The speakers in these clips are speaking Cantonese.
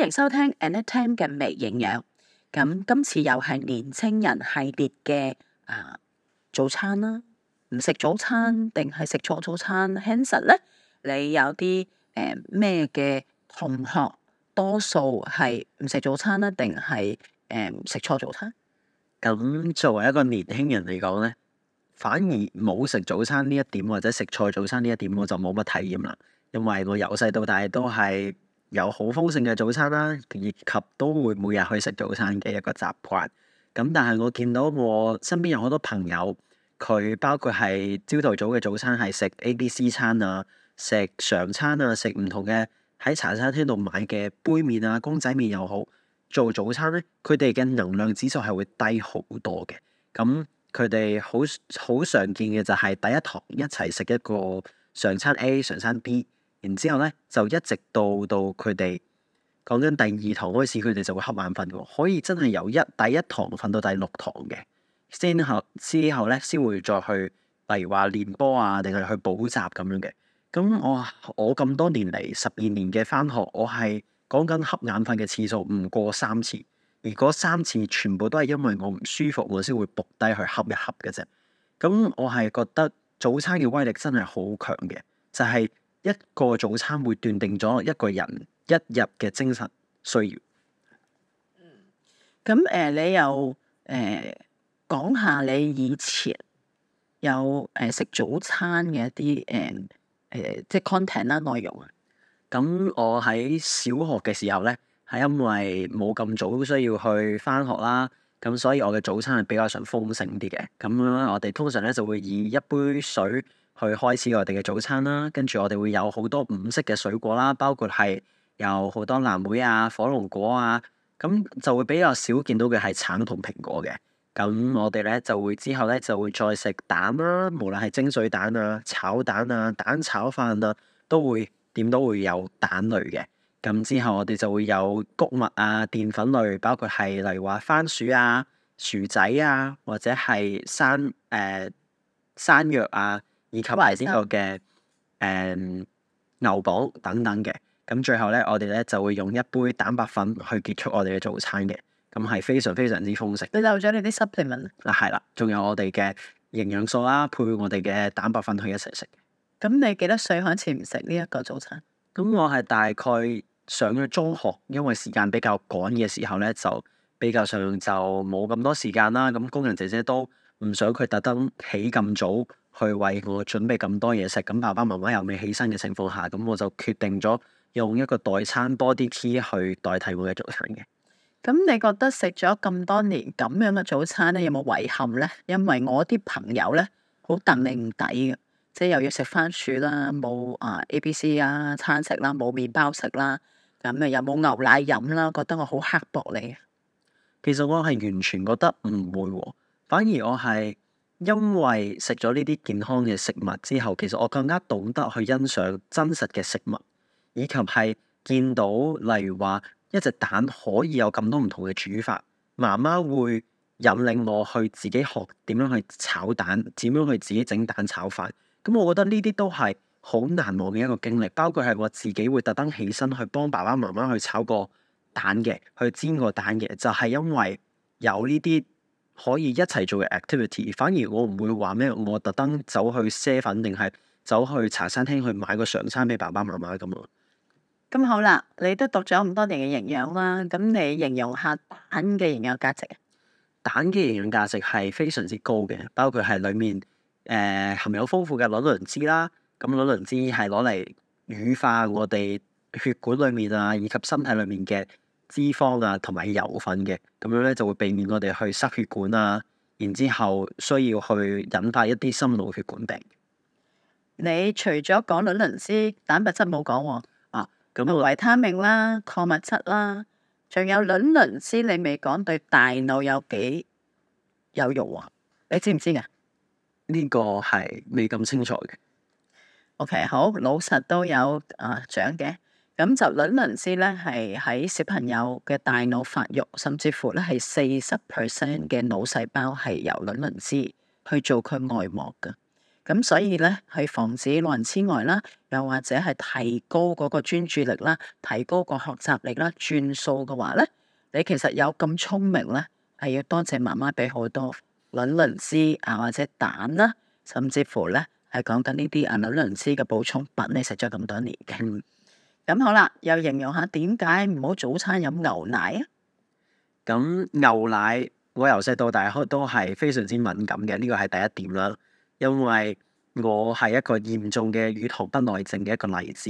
歡迎收聽 Annette Tam 嘅微營養。咁今次又係年青人系列嘅啊早餐啦，唔食早餐定係食錯早餐？Hanson 咧，你有啲誒咩嘅同學多數係唔食早餐啦，定係誒食錯早餐？咁、呃、作為一個年輕人嚟講咧，反而冇食早餐呢一點或者食錯早餐呢一點，我就冇乜體驗啦。因為我由細到大都係。有好豐盛嘅早餐啦，以及都會每日去食早餐嘅一個習慣。咁但係我見到我身邊有好多朋友，佢包括係朝頭早嘅早餐係食 A、B、C 餐啊，食常餐啊，食唔同嘅喺茶餐廳度買嘅杯麵啊，公仔麵又好，做早餐咧，佢哋嘅能量指數係會低好多嘅。咁佢哋好好常見嘅就係第一堂一齊食一個常餐 A、常餐 B。然之後咧，就一直到到佢哋講緊第二堂開始，佢哋就會瞌眼瞓嘅，可以真係由一第一堂瞓到第六堂嘅先合之後咧，先會再去例如話練波啊，定係去補習咁樣嘅。咁我我咁多年嚟，十二年嘅返學，我係講緊瞌眼瞓嘅次數唔過三次，而嗰三次全部都係因為我唔舒服，我先會伏低去瞌一瞌嘅啫。咁我係覺得早餐嘅威力真係好強嘅，就係、是。一個早餐會斷定咗一個人一日嘅精神需要。咁誒、呃，你又誒講下你以前有誒、呃、食早餐嘅一啲誒誒，即係 content 啦內容啊。咁我喺小學嘅時候咧，係因為冇咁早需要去返學啦，咁所以我嘅早餐係比較上豐盛啲嘅。咁樣我哋通常咧就會以一杯水，去開始我哋嘅早餐啦，跟住我哋會有好多五色嘅水果啦，包括係有好多藍莓啊、火龍果啊，咁就會比較少見到嘅係橙同蘋果嘅。咁我哋咧就會之後咧就會再食蛋啦，無論係蒸水蛋啊、炒蛋啊、蛋炒飯啊，都會點都會有蛋類嘅。咁之後我哋就會有谷物啊、澱粉類，包括係例如話番薯啊、薯仔啊，或者係山誒、呃、山藥啊。以及埋呢個嘅、誒、嗯、牛堡等等嘅，咁最後咧，我哋咧就會用一杯蛋白粉去結束我哋嘅早餐嘅，咁係非常非常之豐盛。你漏咗你啲 supplement 嗱係啦，仲有我哋嘅營養素啦，配我哋嘅蛋白粉去一齊食。咁你幾多歲開始唔食呢一個早餐？咁我係大概上咗中學，因為時間比較趕嘅時候咧，就比較上就冇咁多時間啦。咁工人姐姐都唔想佢特登起咁早。去為我準備咁多嘢食，咁爸爸媽媽又未起身嘅情況下，咁我就決定咗用一個代餐多啲 d tea 去代替我嘅早餐嘅。咁你覺得食咗咁多年咁樣嘅早餐咧，有冇遺憾咧？因為我啲朋友咧好戥你唔抵嘅，即係又要食番薯啦，冇啊 A、B、C 啊餐食啦，冇麵包食啦，咁啊又冇牛奶飲啦，覺得我好刻薄你。其實我係完全覺得唔會，反而我係。因為食咗呢啲健康嘅食物之後，其實我更加懂得去欣賞真實嘅食物，以及係見到例如話一隻蛋可以有咁多唔同嘅煮法。媽媽會引領我去自己學點樣去炒蛋，點樣去自己整蛋炒飯。咁我覺得呢啲都係好難忘嘅一個經歷。包括係我自己會特登起身去幫爸爸媽媽去炒個蛋嘅，去煎個蛋嘅，就係因為有呢啲。可以一齊做嘅 activity，反而我唔會話咩，我特登走去賒粉定係走去茶餐廳去買個常餐俾爸爸媽媽咁。咁好啦，你都讀咗咁多年嘅營養啦，咁你形容下蛋嘅營養價值啊？蛋嘅營養價值係非常之高嘅，包括係裏面誒、呃、含有豐富嘅卵磷脂啦。咁卵磷脂係攞嚟乳化我哋血管裏面啊，以及身體裏面嘅。脂肪啊，同埋油分嘅，咁樣咧就會避免我哋去塞血管啊，然之後需要去引發一啲心腦血管病。你除咗講卵磷脂，蛋白質冇講啊，咁、啊嗯、維他命啦、啊，礦物質啦、啊，仲有卵磷脂你未講對大腦有幾有用啊？你知唔知㗎？呢個係未咁清楚嘅。O、okay, K，好，老實都有啊獎嘅。呃咁就卵磷脂咧，係喺小朋友嘅大腦發育，甚至乎咧係四十 percent 嘅腦細胞係由卵磷脂去做佢外膜㗎。咁所以咧，係防止老人痴呆啦，又或者係提高嗰個專注力啦，提高個學習力啦，轉數嘅話咧，你其實有咁聰明咧，係要多謝媽媽俾好多卵磷脂啊，或者蛋啦，甚至乎咧係講緊呢啲啊卵磷脂嘅補充品，你食咗咁多年嘅。咁好啦，又形容下點解唔好早餐飲牛奶啊？咁牛奶我由細到大開都係非常之敏感嘅，呢個係第一點啦。因為我係一個嚴重嘅乳糖不耐症嘅一個例子。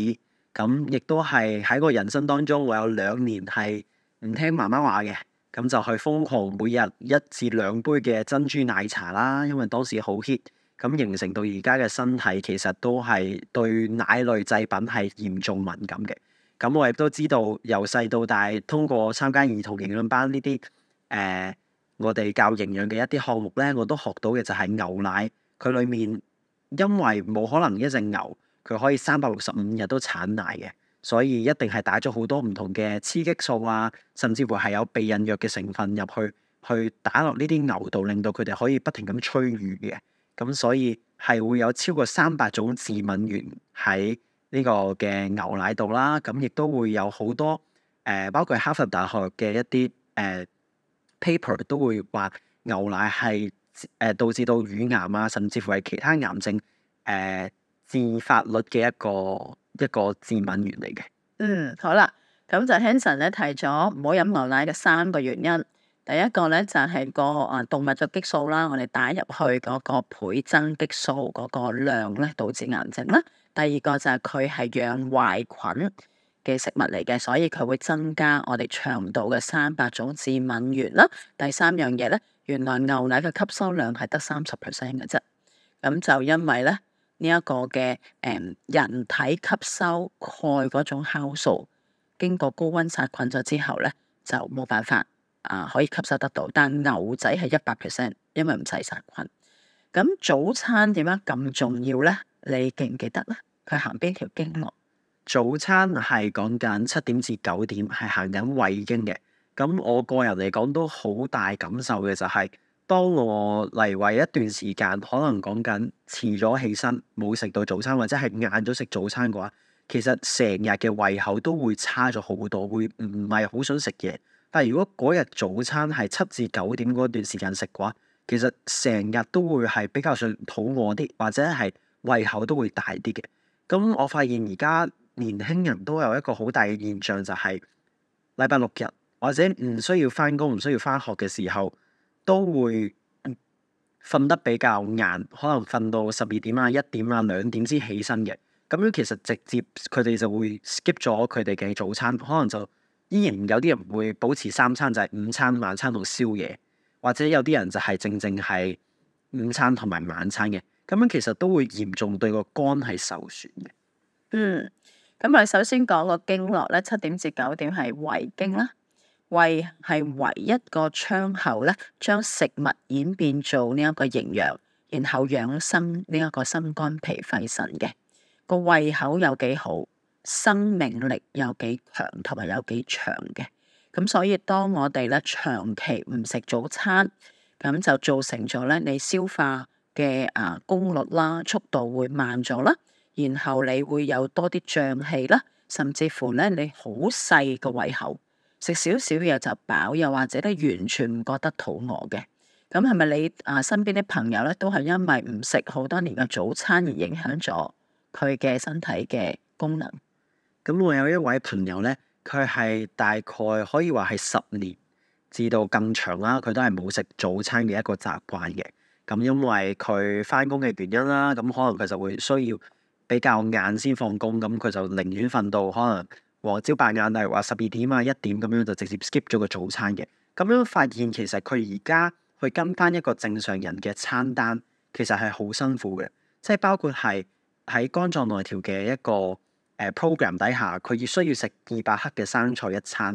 咁亦都係喺個人生當中，我有兩年係唔聽媽媽話嘅，咁就去瘋狂每日一至兩杯嘅珍珠奶茶啦。因為當時好 hit 咁形成到而家嘅身體其實都係對奶類製品係嚴重敏感嘅。咁我亦都知道，由細到大通過參加兒童營養班呢啲誒，我哋教營養嘅一啲項目咧，我都學到嘅就係牛奶佢裡面，因為冇可能一隻牛佢可以三百六十五日都產奶嘅，所以一定係打咗好多唔同嘅雌激素啊，甚至乎係有避孕藥嘅成分入去，去打落呢啲牛度，令到佢哋可以不停咁催乳嘅。咁所以係會有超過三百種致敏原喺呢個嘅牛奶度啦，咁亦都會有好多誒、呃，包括哈佛大學嘅一啲誒、呃、paper 都會話牛奶係誒、呃、導致到乳癌啊，甚至乎係其他癌症誒致、呃、發率嘅一個一個致敏原嚟嘅。嗯，好啦，咁就 Hanson 呢提咗唔好飲牛奶嘅三個原因。第一個咧，就係、是、個誒動物嘅激素啦，我哋打入去嗰個倍增激素嗰個量咧，導致癌症啦。第二個就係佢係養壞菌嘅食物嚟嘅，所以佢會增加我哋腸道嘅三百種致敏原啦。第三樣嘢咧，原來牛奶嘅吸收量係得三十 percent 嘅啫，咁就因為咧呢一、這個嘅誒人體吸收鈣嗰種酵素經過高溫殺菌咗之後咧，就冇辦法。啊，可以吸收得到，但牛仔係一百 percent，因為唔使殺菌。咁早餐點解咁重要咧？你記唔記得咧？佢行邊條經絡？早餐係講緊七點至九點，係行緊胃經嘅。咁我個人嚟講都好大感受嘅，就是，就係當我嚟胃一段時間，可能講緊遲咗起身，冇食到早餐，或者係晏咗食早餐嘅話，其實成日嘅胃口都會差咗好多，會唔係好想食嘢。但係如果嗰日早餐係七至九點嗰段時間食嘅話，其實成日都會係比較上肚餓啲，或者係胃口都會大啲嘅。咁我發現而家年輕人都有一個好大嘅現象、就係，就係禮拜六日或者唔需要返工、唔需要返學嘅時候，都會瞓得比較晏，可能瞓到十二點啊、一點啊、兩點先起身嘅。咁樣其實直接佢哋就會 skip 咗佢哋嘅早餐，可能就～依然有啲人唔會保持三餐，就係午餐、晚餐同宵夜，或者有啲人就係正正係午餐同埋晚餐嘅，咁樣其實都會嚴重對個肝係受損嘅。嗯，咁我哋首先講個經絡咧，七點至九點係胃經啦，胃係唯一個窗口咧，將食物演變做呢一個營養，然後養生呢一個心肝脾肺腎嘅個胃口有幾好，生命力有幾強同埋有幾長嘅，咁所以當我哋咧，長期唔食早餐，咁就造成咗咧，你消化嘅啊功率啦、速度會慢咗啦，然後你會有多啲脹氣啦，甚至乎咧，你好細個胃口，食少少嘢就飽，又，又或者咧，完全唔覺得肚餓嘅。咁係咪你啊身邊啲朋友咧都係因為唔食好多年嘅早餐而影響咗佢嘅身體嘅功能？咁我有一位朋友咧，佢係大概可以話係十年至到更長啦，佢都係冇食早餐嘅一個習慣嘅。咁因為佢翻工嘅原因啦，咁可能佢就會需要比較晏先放工，咁佢就寧願瞓到可能黃朝白晏，例如話十二點啊、一點咁樣就直接 skip 咗個早餐嘅。咁樣發現其實佢而家去跟翻一個正常人嘅餐單，其實係好辛苦嘅，即係包括係喺肝臟內調嘅一個。program 底下，佢要需要食二百克嘅生菜一餐，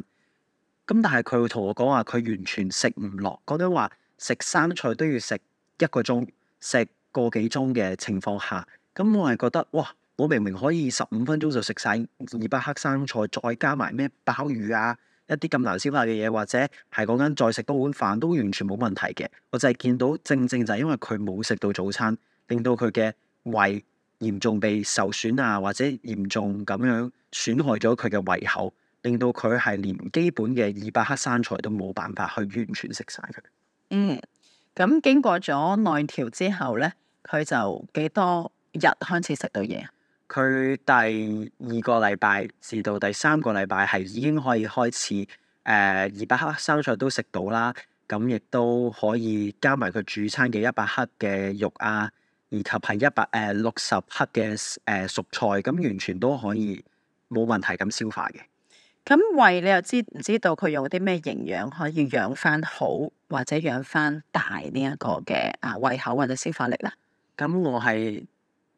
咁但係佢會同我講話，佢完全食唔落，嗰陣話食生菜都要食一個鐘，食個幾鐘嘅情況下，咁我係覺得哇，我明明可以十五分鐘就食晒二百克生菜，再加埋咩鮑魚啊，一啲咁難消化嘅嘢，或者係嗰間再食多碗飯都完全冇問題嘅，我就係見到正正就係因為佢冇食到早餐，令到佢嘅胃。嚴重被受損啊，或者嚴重咁樣損害咗佢嘅胃口，令到佢係連基本嘅二百克生菜都冇辦法去完全食晒佢。嗯，咁經過咗內調之後咧，佢就幾多日開始食到嘢？佢第二個禮拜至到第三個禮拜係已經可以開始，誒、呃，二百克生菜都食到啦。咁亦都可以加埋佢煮餐嘅一百克嘅肉啊。以及係一百誒六十克嘅誒熟菜，咁完全都可以冇問題咁消化嘅。咁胃，你又知唔知道佢用啲咩營養可以養翻好或者養翻大呢一個嘅，啊胃口或者消化力咧？咁我係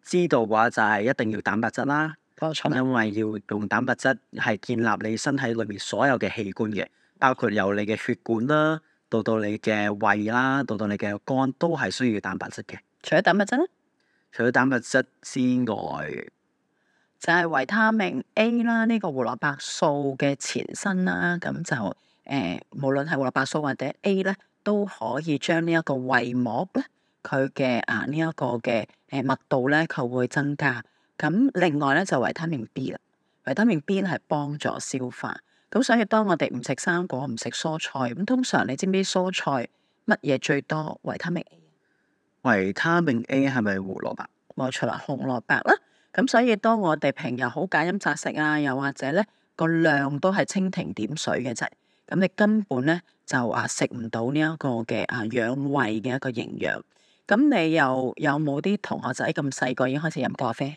知道嘅話就係一定要蛋白質啦，冇錯。因為要用蛋白質係建立你身體裏面所有嘅器官嘅，包括由你嘅血管啦，到到你嘅胃啦，到到你嘅肝，到到你嘅肝都係需要蛋白質嘅。除咗蛋白質咧，除咗蛋白質之外，就係維他命 A 啦，呢個胡蘿蔔素嘅前身啦。咁就誒、呃，無論係胡蘿蔔素或者 A 咧，都可以將呢一個胃膜咧，佢嘅啊呢一、這個嘅誒、呃、密度咧，佢會增加。咁另外咧就維、是、他命 B 啦，維他命 B 係幫助消化。咁所以當我哋唔食生果、唔食蔬菜，咁通常你知唔知蔬菜乜嘢最多維他命 A？維他命 A 係咪胡蘿蔔？冇錯啦，紅蘿蔔啦。咁所以，當我哋平日好揀飲擇食啊，又或者咧，個量都係蜻蜓點水嘅啫。咁你根本咧就啊食唔到呢、這個啊、一個嘅啊養胃嘅一個營養。咁你又有冇啲同學仔咁細個已經開始飲咖啡？誒、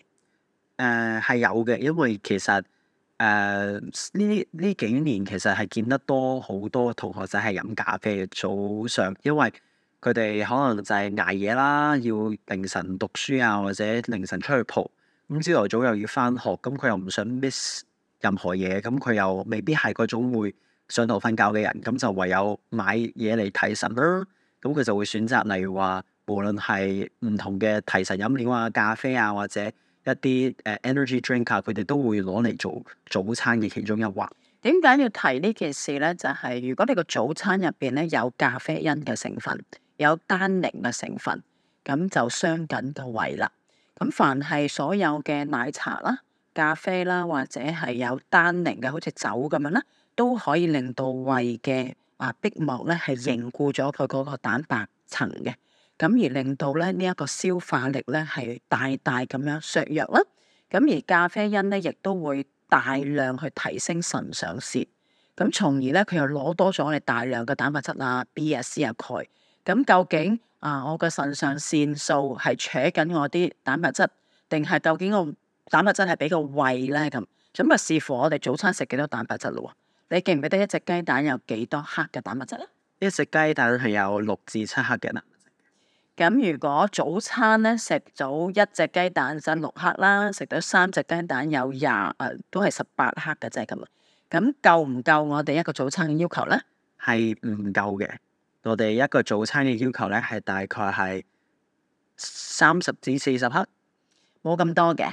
呃，係有嘅，因為其實誒呢呢幾年其實係見得多好多同學仔係飲咖啡嘅早上，因為。佢哋可能就係捱夜啦，要凌晨讀書啊，或者凌晨出去蒲，咁朝頭早又要返學，咁、嗯、佢又唔想 miss 任何嘢，咁、嗯、佢又未必係嗰種會上堂瞓覺嘅人，咁、嗯、就唯有買嘢嚟提神啦。咁、嗯、佢、嗯、就會選擇例如話，無論係唔同嘅提神飲料啊、咖啡啊，或者一啲誒 energy drink 啊，佢哋都會攞嚟做早餐嘅其中一環。點解要提呢件事咧？就係、是、如果你個早餐入邊咧有咖啡因嘅成分。有單寧嘅成分，咁就傷緊個胃啦。咁凡係所有嘅奶茶啦、咖啡啦，或者係有單寧嘅，好似酒咁樣啦，都可以令到胃嘅啊壁膜咧係凝固咗佢嗰個蛋白層嘅，咁而令到咧呢一、這個消化力咧係大大咁樣削弱啦。咁而咖啡因咧亦都會大量去提升腎上腺，咁從而咧佢又攞多咗我哋大量嘅蛋白質啊、B 啊、C 啊、鈣。咁究竟啊，我嘅腎上腺素係扯緊我啲蛋白質，定係究竟我蛋白質係比個胃咧咁？咁啊視乎我哋早餐食幾多蛋白質咯。你記唔記得一隻雞蛋有幾多克嘅蛋白質咧？一隻雞蛋係有六至七克嘅蛋白質。咁如果早餐咧食咗一隻雞蛋即六克啦，食到三隻雞蛋有廿誒、呃，都係十八克嘅啫咁。咁夠唔夠我哋一個早餐嘅要求咧？係唔夠嘅。我哋一個早餐嘅要求咧，係大概係三十至四十克，冇咁多嘅。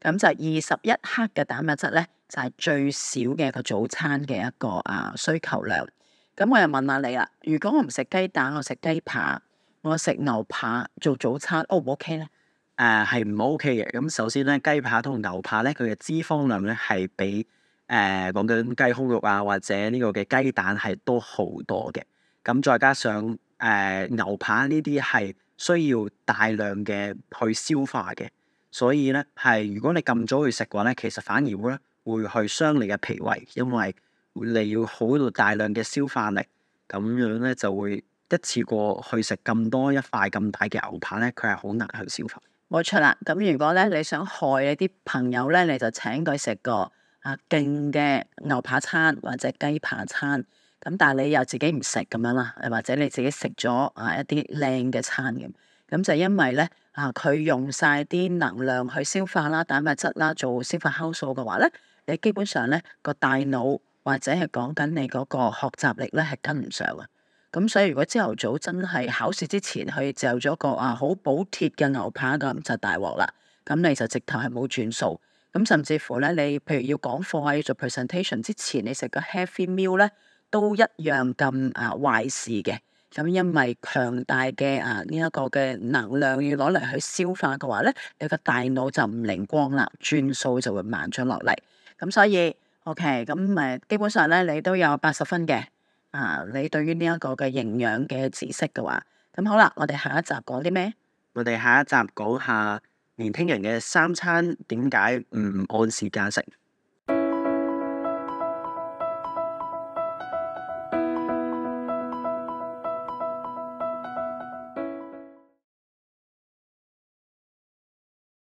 咁就二十一克嘅蛋白質咧，就係、是、最少嘅個早餐嘅一個啊需求量。咁我又問下你啦，如果我唔食雞蛋，我食雞扒，我食牛扒做早餐，O 唔 O K 咧？誒、OK，係唔 O K 嘅。咁首先咧，雞扒同牛扒咧，佢嘅脂肪量咧係比誒講緊雞胸肉啊或者呢個嘅雞蛋係多好多嘅。咁再加上誒、呃、牛扒呢啲係需要大量嘅去消化嘅，所以咧係如果你咁早去食嘅話咧，其實反而會咧會去傷你嘅脾胃，因為你要好大量嘅消化力，咁樣咧就會一次過去食咁多一塊咁大嘅牛扒咧，佢係好難去消化。冇錯啦，咁如果咧你想害你啲朋友咧，你就請佢食個啊勁嘅牛扒餐或者雞扒餐。咁但係你又自己唔食咁樣啦，或者你自己食咗啊一啲靚嘅餐咁，咁就因為咧啊佢用晒啲能量去消化啦、蛋白質啦做消化酵素嘅話咧，你基本上咧個大腦或者係講緊你嗰個學習力咧係跟唔上嘅。咁所以如果朝頭早真係考試之前去嚼咗個啊好補鐵嘅牛扒咁就大鑊啦。咁你就直頭係冇轉數。咁甚至乎咧，你譬如要講課啊，要做 presentation 之前你食個 heavy meal 咧。都一樣咁啊壞事嘅，咁因為強大嘅啊呢一個嘅能量要攞嚟去消化嘅話咧，你個大腦就唔靈光啦，轉數就會慢咗落嚟。咁所以，OK，咁誒，基本上咧，你都有八十分嘅啊。你對於呢一個嘅營養嘅知識嘅話，咁好啦，我哋下一集講啲咩？我哋下一集講下年輕人嘅三餐點解唔按時間食。